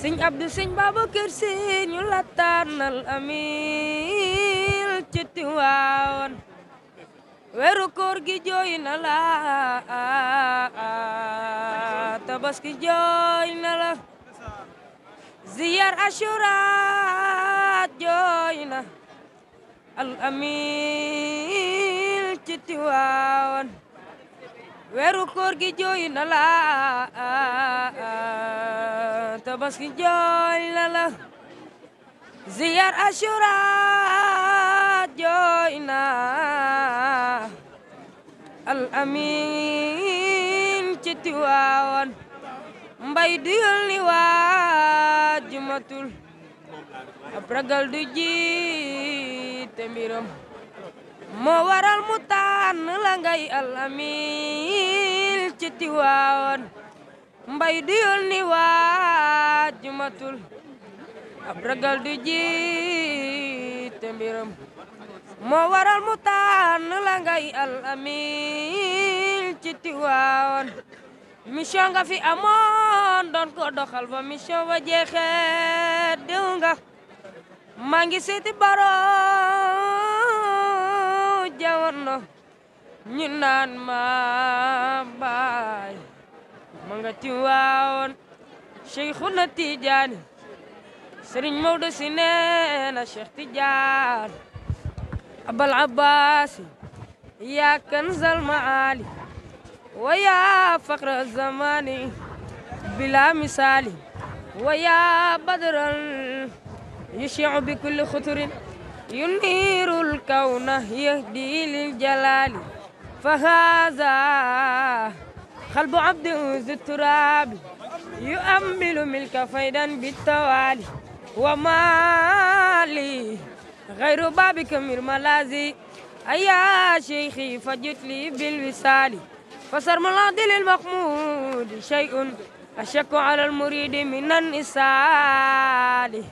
sëñ Abdou sëñ Babacar Si ñu la tànnal gi jooy na la tabaski jooy na la ziyaar al amil ci weeru koor gi jooy na tabaski jooy na ziyaar asura jooy al amin ci tiwaawan mbay du waa jumatul ab du jiite mbiram moo waral mu tànn la al amin ci mbay diyul ni waaj ab ragal du jiite mbiram moo waral mu tànn la ngay al amin ci tiwaawan mission nga fi amoon doon ko doxal ba mission ba jeexee diw nga maa ngi seeti baro jawoon ñu naan ma baay ma nga ci waawoon Cheikhuna Tidiane Serigne Maodo si nee na Cheikh Tidiane Abal Abbasi yaa kanzal maali wa yaa faqra zamani bila misali wa yaa badran yushiu bi kulli xuturin yuniiru lkawna yahdi lil jalali fa haaza قلب عبد أوز التراب يؤمل ملك فيدا بالتوالي ومالي غير بابك من ملازي أيا شيخي فجت لي بالوصال فصار ملاضي للمخمود شيء أشك على المريد من النسال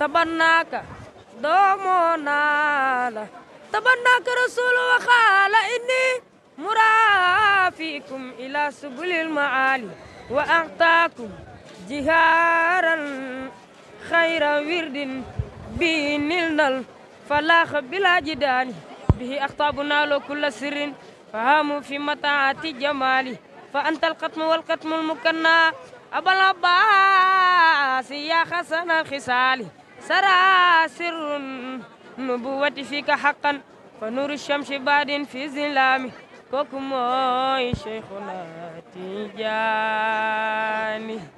تبناك دومونا تبناك رسول وقال إني مراد فيكم إلى سبل المعالي وأعطاكم جهارا خير ورد به نلنا الفلاح بلا جدال به أخطابنا لو كل سر فهام في متاعات جمالي فأنت القطم والقطم المكنى أبا العباس يا حسن خصالي سراسر النبوة فيك حقا فنور الشمس بعد في ظلامه kooku mooy Cheikhuna Tijaani